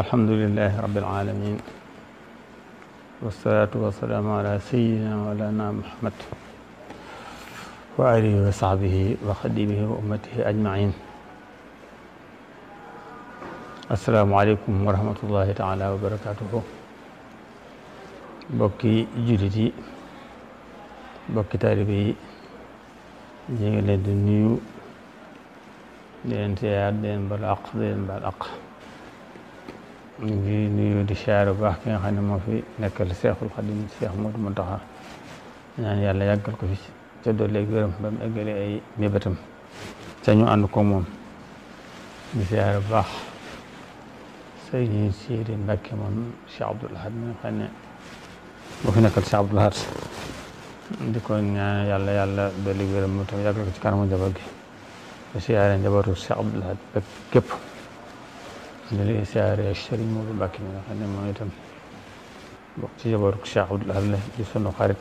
alhamdulilahi rabbil alamin wasalaatu wasalaamu ala sayidina walana muhammad wa alihi wa sahbihi wa xadimihi wa ummatihi ajmain asalaamualeykum wa rahmatullahi taala wa barakatuhu bokki jullit yi bokki taalibe yi ñu ngi leen di nuyu di leen siyaar di leen baal àq di leen baal àq ñu nuyu di siyaare bu baax ki nga xam ne moo fi nekkal Seexul Xadim Seex Moodu Muntaxa yàlla yàggal ko fi ca dolleeg wéram ba mu eggale ay mébétam ca ñu ànd ko moom di siyaare bu baax sëriñ Siidi Mbàkke moom Cheikh Abdoul Ahad mi ñaan yàlla yàlla dolleeg wéram mu tam yàggal ko ci kanamu njaboot gi di siyaare njabootu Cheikh di siyaare Sëriñ Moodu Mbàkke mi nga xam ne moom itam bokk ci jabaru Cheikh Abdoul Ahad la di sunu xarit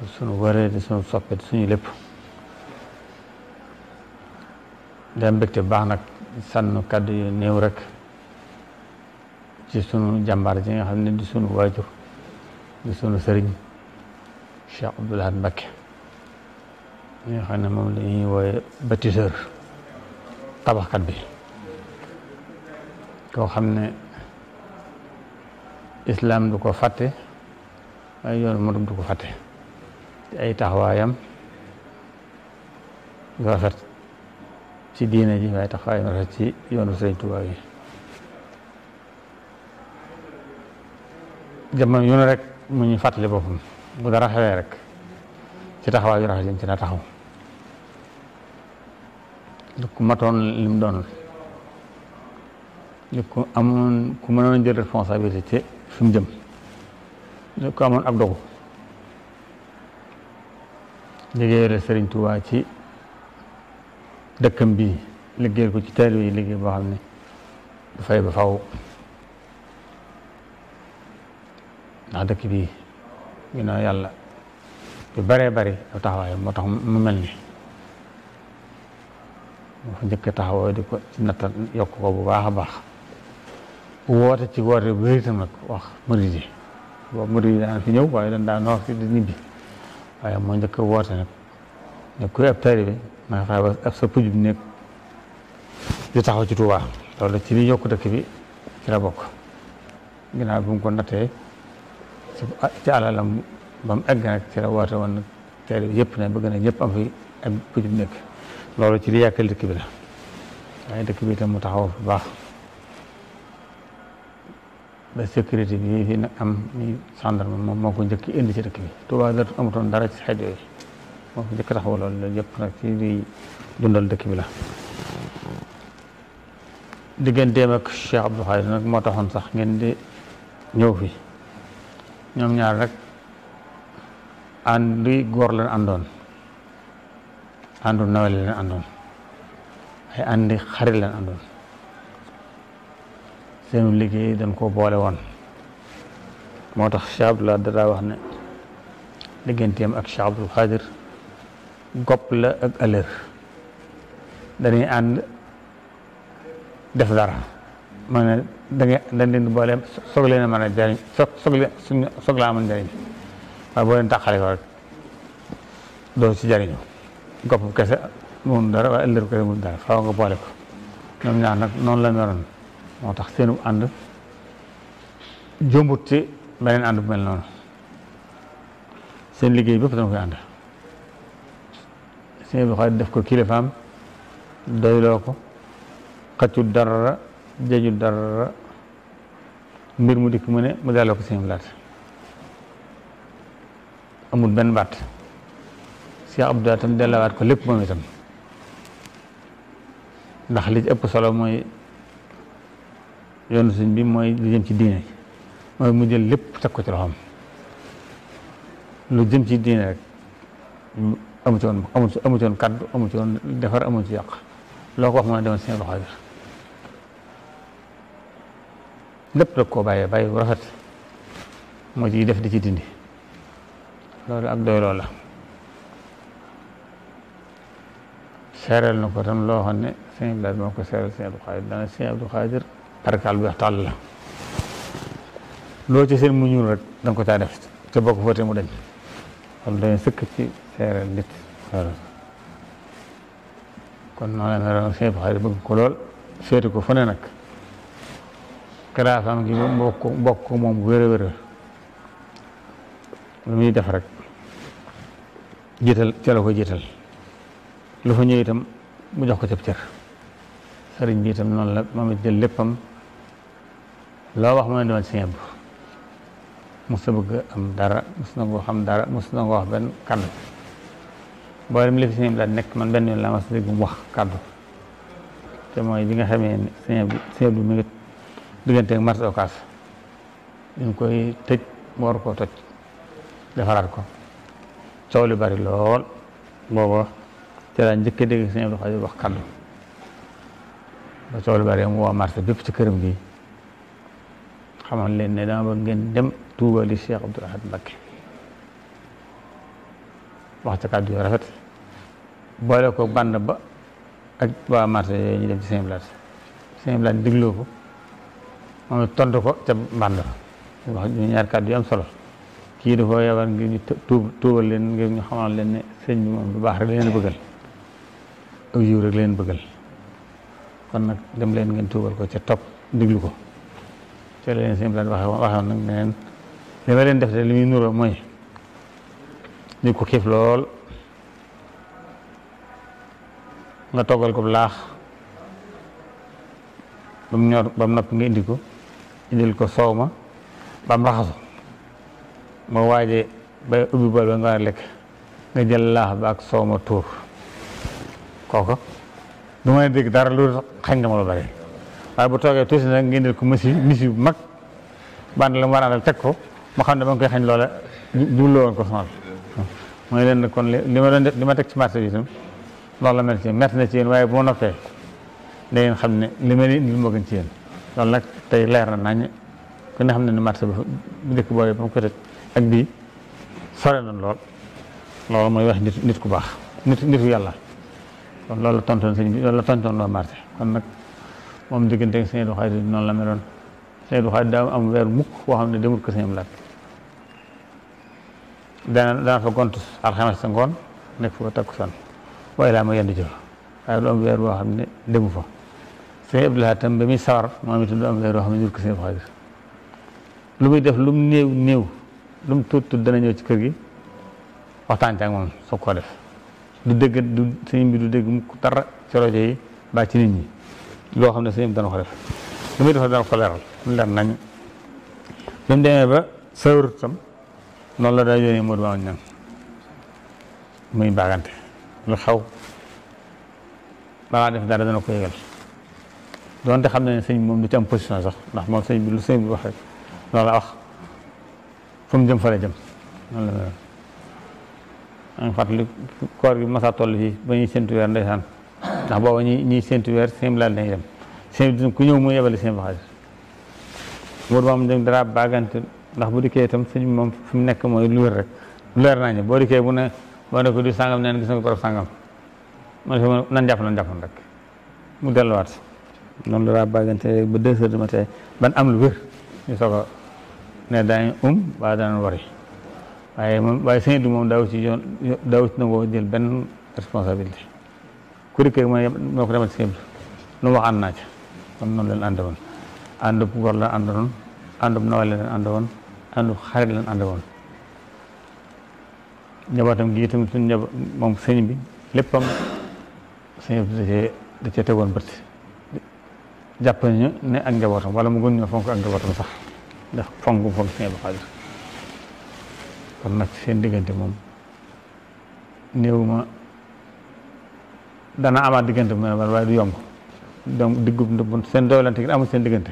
di sunu waree di sunu soppe di suñu lépp dam mbégte baax nag sànn kàddu yu néew rek ci sunu jàmbaar ji nga xam ne di sunu waajur di sunu sëriñ Cheikh Abdoul Ahad Mbàkke mi nga xam ne moom la ñuy wooye bâtisseur tabaxkat bi koo xam ne islaam du ko fàtte waaye yoon mu du ko fatte ci ay taxawaayam yu rafet ci diine ji waaye taxawaayam rafet ci yoonu Sëriñ Tuubaa yi jamono yu ne rek mu ñu fàttali boppam bu dara xewee rek ci taxawaay yu rafet yi ci na taxaw lu matoon lim doonul ñu ko amoon ku mënoon jël responsabilité jëm ñu ko amoon ab dogu liggéeyal Sëriñ ci dëkkam bii liggéeyal ko ci taalibe yi liggéey boo xam ne dafay ba faw ndax dëkk bii ginnaaw yàlla bi baree bari ab taxawaay moo tax mu mel ni moo fa njëkk taxawoo di ko ci nattal yokk ko bu baax a baax woote ci woote bu wér wax murid yi boobu murid fi ñëw waaye dañ daan wax fi di ñibbi waaye moo njëkk woote nag ne kuy ab taalibe bi na nga ba ab sa pujub nekk di taxaw ci Tuubaa loolu ci li yokku dëkk bi ci la bokk ginnaaw bi mu ko nattee ci alalam ba woon nag taalibe bi yëpp ne bëgg na ñëpp am fi ab pujub nekk loolu ci li yàkkal dëkk bi la waaye dëkk bi itam mu taxaw bu baax ba sécurité bi fi nag am ni moom moo ko njëkk indi ci dëkk bi Tuubaa da amutoon dara ci xeet yooyu moo ko njëkk taxawal loolu yëpp nag ci di dundal dëkk bi la digganteem ak Cheikh Abdou Khadir nag moo taxoon sax ngeen di ñëw fi ñoom ñaar rek ànd góor lañ àndoon àndu nawle lañ àndoon ay àndi xarit lañ àndoon seenu liggéey dañ koo boole woon moo tax Cheikh Abdoulaye dadaa wax ne digganteem ak Cheikh Abdoul Xaadir gopp la ak ëllër dañuy ànd def dara man ne da ngay di boole soog leen a mën a jëriñ soog soog leen soog laa mën jëriñ waaye boo leen tàqale ko rek doo ci jëriñu gopp kese moom dara waaye ëllër kese moom dara faaw nga boole ko ñoom ñaar nag noonu la meroon moo tax seenu ànd jombut ci beneen ànd bu mel noonu seen liggéey bépp dana koy ànd seen bi def ko kilifaam doyloo ko xaccu dara jaju dara mbir mu dikk mu ne mu delloo ko seen bi laat amul benn baat Cheikh Abdou tam dellawaat ko lépp moom itam ndax li ci ëpp solo mooy yoonu sëñ bi mooy lu ci diine mooy mu jël lépp teg ko ci loxoom lu jëm ci diine rek amu ci woon amu kaddu amu ci defar amu ci yàq loo ko wax mën a demoon seen loxo bi lépp rek koo bàyyee bàyyi bu moo ciy def di ci dindi loolu ak doy loola seereel na ko tam loo xam ne sëñ Abdoulaye moo ko seereel sëñ Abdou Xaadir perkaal bu weex tàll la loo ci seen mu ñuul rek da ko caa def te bokk foote mu dañ kon dañu sëkk ci seeral nit kon noonu la meloon ko lool féete ko fu ne nag kalaasam gi bokk bokk ko moom wéra wéra def rek jiital ca ko jiital lu fa ñëw itam mu jox ko cëb cër sëriñ bi itam noonu la moom jël léppam loo wax mooy doon sëñ Abdu mos na bëgg am dara mos na koo xam dara mos na ko wax benn kàddu mboolem li la nekk man benn yoon laa mas dégg mu wax kàddu te mooy bi nga xamee ne sëñ Abdu sëñ Abdu mi ngi diggante ak mars koy tëj mu war koo toj defaraat ko coow bari lool booba ci laa njëkk a dégg sëñ Abdu Xaadir wax kàddu ba lu bari mu woo marché bépp ci këram gi xamal leen ne dama bëgg ngeen dem Tuuba li Cheikh Abdoul Ahad Mbacké wax ca kàddu yu rafet boole ko bànd ba ak waa marché yooyu ñu dem ci Saint-Blaise ko ma tontu ko ca bànd ba wax ñu solo kii dafa yebal ngir ñu tuub leen ngir ñu xamal leen ne sëñ bi moom bu baax leen bëggal ak yiw leen bëggal kon na dem leen ngeen tuubal ko ca top diglu ko ci leen sëñ bi daan waxe waxoon nag neneen ma leen def de li muy nuroo mooy di ko xiif lool nga toggal ko laax ba ñor ba mu noppi nga indi ko indil ko soow ma ba mu raxasu nga waaje ba ubbi bal ba nga war lekk nga jël laax ba ak soow ma tuur kooka du ma dégg dara lu xañ na ma lu bari waaye bu toogee tuuti nag ngeen def ko misi misi bu mag bànn la mu war teg ko ma xam ne ma ngi koy xañ loola jubloo woon ko sonal mu ne leen kon li ma doon def li ma teg ci marché bi itam loolu la mel ci mett na ci yéen waaye boo ma noppee da ngeen xam ne li ma leen li moo gën ci yéen nag tey leer na nañ ku xam ne ne marché bi dëkk boobu ba mu ko tëj ak bii sore na lool loolu mooy wax nit nit ku baax nit nitu yàlla kon loolu la tontoon bi loolu la tontoon loo marché kon moom diggante ak Sëñ Abdou Khadre noonu la meloon Sëñ Abdou Khadre daa am weer mukk boo xam ne demul ko Sëñ Abdou Lahad dana dana fa gont alxames sa ngoon nekk fa takkusaan waaye laa ma yendu jël waaye du am weer boo xam ne demu fa Sëñ Abdou Lahad tam ba muy sawar moom itam am weer boo xam ne ñur ko Sëñ Abdou lu muy def lu mu néew néew lu tut tuut dana ñëw ci kër gi waxtaan ak moom soog koo def du dégg du du dégg dara ci rajo yi ba ci nit ñi loo xam ne sëñ bi dana ko def lu muy defal dana ko leeral leer nañ bi ba sawrut tam la daa yónnee Modou muy baagante lu xaw def dara dana ko yëgal xam na ne moom du ci am position sax ndax moom sëñ bi lu sëñ bi wax rek loolu la wax fu mu jëm fa la jëm noonu la mel maa ngi fàttali koor gi masa toll fii ba ñuy séntu weer ndeysaan ndax booba ñuy ñuy séntu weer sëñ bi laal nañ dem sëñ bi ku ñëw mu yebale sëñ Abdou Khadre Mor moom dem dara baagante ndax bu dikkee itam sëñ moom mu nekk mooy lu rek lu leer naa ñu boo dikkee bu ne boo ne ko du sàngam neen gis nga ko trop sàngam man fi ma nan jàpp lan jàppoon rek ba deux heures ban am lu wér ñu soog a ne daañu um, wari waaye moom waaye sëñ moom daaw ci yoon daaw ci jël ben responsabilité ku dikkee mooy moo ko demal sëñ bi lu waxaan naa kon noon leen ànd woon àndub gor leen ànd woon àndub nawle leen ànd woon àndub xarit leen njabootam gi moom sëñ bi léppam sëñ bi da cee da tegoon bët jàpp ñu ne ak njabootam wala mu gën ñoo fonk ak njabootam sax ndax fonk fonk sëñ bi xaadir seen diggante moom néew ma dana amaat diggante mu ne waaye du yomb donc diggub ndëbbun seen doolante ngeen amul seen diggante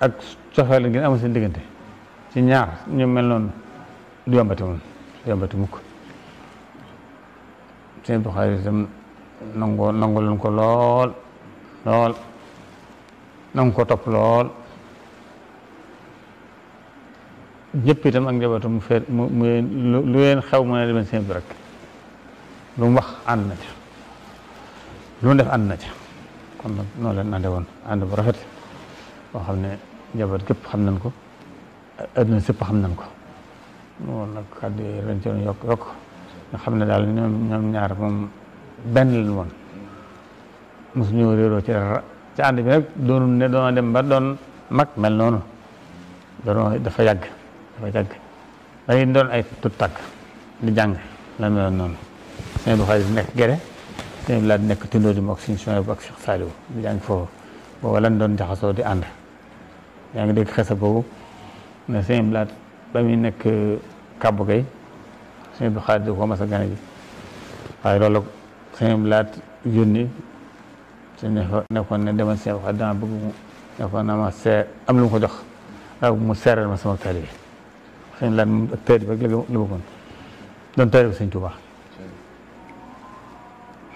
ak cofeele ngeen amul seen diggante ci ñaar ñu mel noonu du yombati moom du yombati mukk seen Buxaari itam nangoo nangu leen ko lool lool nangu ko topp lool ñëpp ak njabootam mu fee lu leen xew mu ne demen seen bi rek lu mu wax ànd na ci lu def ànd na ca kon nag noonu leen ànde woon ànd bu rafet boo xam ne njaboot gépp xam nañ ko adduna sëpp xam nañ ko loolu nag kàddu yi ren ci yokk yokk nga ne daal ñoom ñoom ñaar moom benn lañ woon mosuñu réeroo ci dara ci ànd bi rek doonul ne doona dem ba doon mag mel noonu doon dafa yàgg dafa yàgg dañuy doon ay tut tàkk di jàng la meloon noonu seen bu xaalis nekk gere sëñ bi laa nekk tundoo di moog suñu sëñ bu ak Cheikh Saliou yaa foofu booba lan doon jaxasoo di ànd yaa ngi dégg xesa boobu ne sëñ bi laa ba muy nekk euh, kàbbu gay sëñ bi xaar di ko mas ji waaye loolu sëñ bi laa yónni su nekkoon ne demal sëñ bi xaar dama bëgg mu na ma seer am lu mu ko jox ak mu seeral ma sama taalibe sëñ bi laa moom ak taalibe rek la bëggoon doon taalibe Sëñ Tuubaa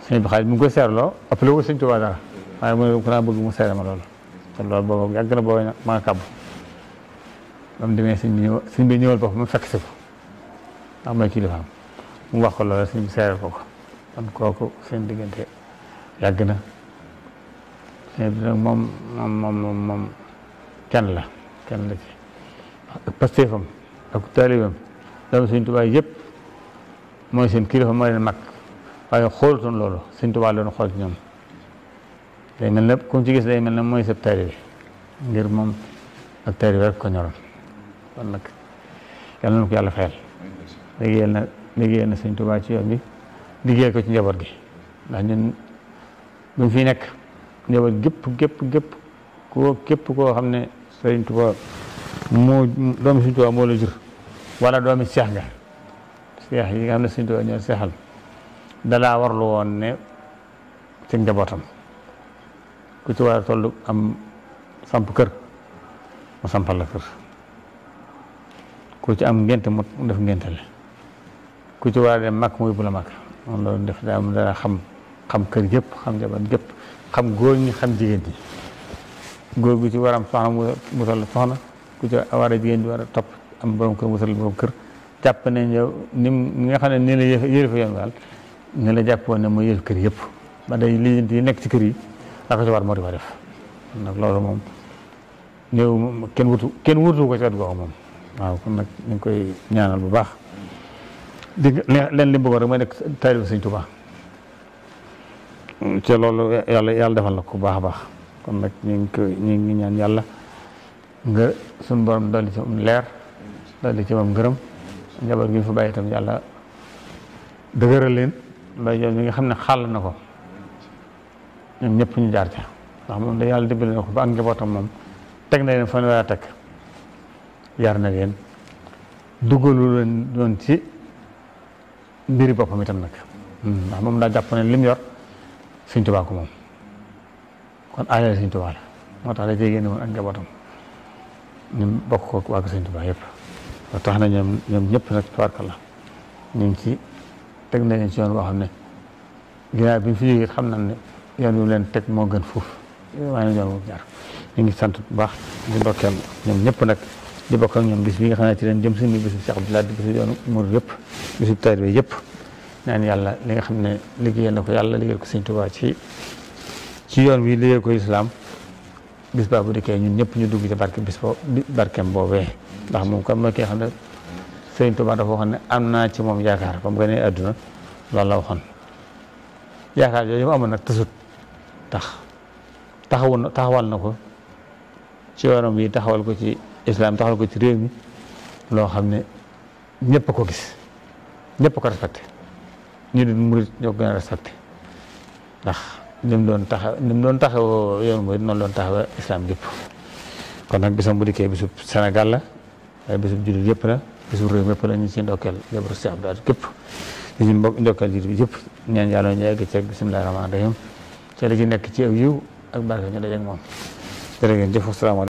sëñ bi xaalis mu ngi koy seerloo appelé wu sëñ Tuubaa dara waaye mu ne ko naa bëgg mu seere ma loolu te loolu boobu yàgg na boobu ma nga kàbb ba mu demee sëñ bi ñëw sëñ bi ñëwal boppam mu fekk si ko am na kilifaam mu wax ko loolu sëñ bi seeral ko ko kon kooku seen diggante yàgg na sëñ bi nag moom moom moom moom kenn la kenn la ci ak pasteefam ak moo leen mag waaye xoolutoon loolu Sëñ Tuubaa doon xool ci ñoom day mel ne ku ci gis day mel ne mooy sab taalibe ngir moom ak taalibe rek ko ñoroon kon nag yal na ko yàlla fayal liggéeyal na liggéeyal na ci yoon bi liggéeyal ko ci njaboot gi ndax ñun bu ñu fi nekk njaboot gépp gépp gépp koo képp koo xam ne Sëñ Tuubaa moo doomi Sëñ Tuubaa moo la jur wala doomi seex nga seex yi nga xam ne Sëñ Tuubaa seexal dalaa warlu woon ne ci njabootam ku ci war a toll am samp kër mu sampal la kër ku ci am ngent mu def ngénte la ku ci war a dem màkk muy bu la màkk def daa am xam xam kër yëpp xam njaboot yëpp xam góor ñi xam jigéen ñi góor gu ci war a am soxna mu soxna ku ci war a jigéen ñi war a topp am borom kër mu toll borom kër jàpp nañ yow ni nga xam ne nii la yëre fa yoon daal ne la jàpp woon ne mooy yëf kër yëpp ba day li di nekk ci kër yi rafetlu waat moo di ko def nag loolu moom néew kenn wutu kenn wutu ko ci wet googu moom waaw kon nag ñu ngi koy ñaanal bu baax di leen li mu bëggoon rek mooy nekk taalibu Sëñ Tuubaa te loolu yàlla yàlla defal na ko bu baax a baax kon nag ñu ngi koy ñu ngi ñaan yàlla nga suñu borom dolli ci am leer dolli ci am ngërëm njaboot gi ñu fa bàyyi itam yàlla dëgëral leen mbay yoon mi nga xam ne xàll na ko ñoom ñëpp ñu jaar ca ndax moom da yàlla dimbali na ko ba ak njabootam moom teg na leen fan war a teg yar na leen dugalu leen doon ci mbiri boppam itam nag ndax moom daa jàpp ne lim yor Sëñ Tuubaa ko moom kon alal Sëñ Tuubaa moo tax da cee génn woon ak njabootam ñu bokk ko waa Sëñ Tuubaa yëpp tax na ñoom ñoom ñëpp nag tubaarkalla ñu ngi ci teg nañ leen ci yoon boo xam ne ginnaaw bi fi xam nañ ne yoon wu leen teg moo gën fuuf waaye nag yoon ñu ngi sant bu baax di ndokkeel ñoom ñëpp nag di bokk ak ñoom bis bi nga xam ne ci leen jëm bis muy bisu Cheikh Abdoulaye di bisu yoonu murid yëpp bisu bi yëpp naan yàlla li nga xam ne liggéeyal na ko yàlla liggéeyal ko Sëñ Tuubaa ci ci yoon wi liggéeyal ko islaam bis baa bu dikkee ñun ñëpp ñu dugg ci barke bis boo barkeem boobee ndax moom kon mooy ki xam ne sëriñ Tuubaa dafa waxoon ne am naa ci moom yaakaar ba mu gënee loolu la waxoon yaakaar yooyu mu amoon nag tësut tax taxawu na taxawal na ko ci yoonam yi taxawal ko ci islam taxawal ko ci réew mi loo xam ne ñëpp ko gis ñëpp ko respecté ñu dul murit ñoo gën a respecté ndax ni doon tax ni doon taxawoo yoon murit noonu doon taxawa islam gépp kon nag bisam bu dikkee bisub senegal la waaye bisub jullit yëpp la bisu réew mépp la ñu ci ndokkeel jabaru Cheikh Abdou Ahad képp di ci mbokk ndokkeel jir bi yëpp ñaan yàlla ñu egg ci bismillahi rahmaani rahim ci la ci nekk ci aw yiw ak barke ñu dajeeg moom jërë ngeen jëf asalaamaaleykum